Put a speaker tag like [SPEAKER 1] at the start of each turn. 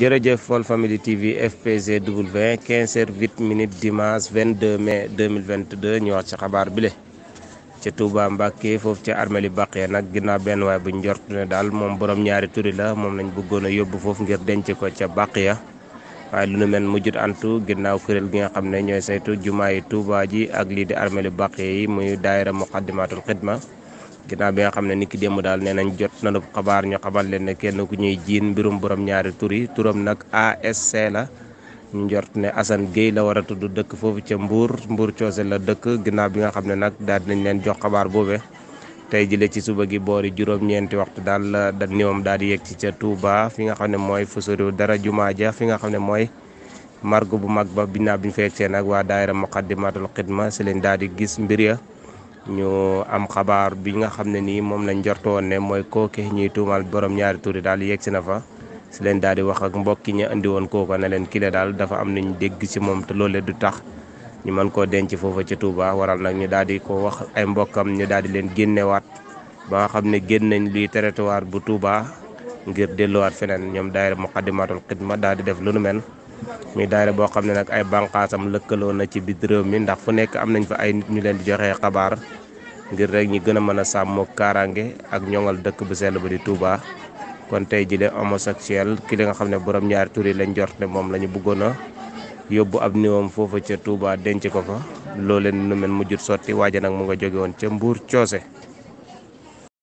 [SPEAKER 1] jërëjëf Fall Family TV FPGW 15 heures 8 minutes dimanche 22 mai 2022 ñu wax ci xabaar bile ca Touba Mbacké foofu ca armée li baqee nag ginnaaw benn waay bu njort ne daal moom borom ñaari turi la moom lañ bëggoon a yóbbu foofu ngir denc ko ca Baqiya waaye lu nu mel mujjut antu ginnaaw kuréel gi nga xam ne ñooy saytu jumaa yi Touba ji ak lii di armée li baqee yi muy daayira muqaddimatul xidma ginnaaw bi nga xam ne niki démb daal nee nañ jot nanu xabaar ñu xabal leen ne kenn ku ñuy jiin mbirum borom ñaari tur yi turam nag ASC la njot ne Assane Gueye la war a tudd dëkk foofu ca mbuur mbuur coose la dëkk ginnaaw bi nga xam ne nag daal dinañ leen jox xabaar boobee tey jile ci suba gi boori juróom-ñeenti waxtu daal da niwam daal di yegg ci ca Touba fi nga xam ne mooy fu soriw dara jumaa ja fi nga xam ne mooy margo bu mag ba binnaa bi ñu fa yegg see nag waa daayira Muqaddimatul Xidma leen daal di gis mbir ya ñu am xabaar bi nga xam ne nii moom lañ woon ne mooy kooke ñuy tuumaal borom ñaari tuuri daal yegg si na fa si leen daal di wax ak mbokk ñu indi woon kooka na leen kile daal dafa am nañ dégg si moom te loole du tax ñu mën koo denc foofa ci waral nag ñu daal di ko wax ay mbokkam ñu daal di leen génnewaat ba xam ne génn nañ luy territoire bu Touba ngir delluwaat feneen ñoom daayira Muqaddimatul Xidma daal di def lu nu mel muy daayira boo xam ne nag ay bànqaasam lëkkaloo na ci biir réew mi ndax fu nekk am nañ fa ay nit ñu leen di joxe xabaar ngir rek ñi gën a mën a sàmmoo kaaraange ak ñoŋal dëkk bu sell ba di Touba kon tey jii de homosexuel ki li nga xam ne borom ñaari tur lañu lañ ne moom la ñu bëggoon a yóbbu ab néewam foofa ca Touba denc ko fa looleen nu mel mujjut sotti waaja nag mu nga jóge woon ca Mbuur coose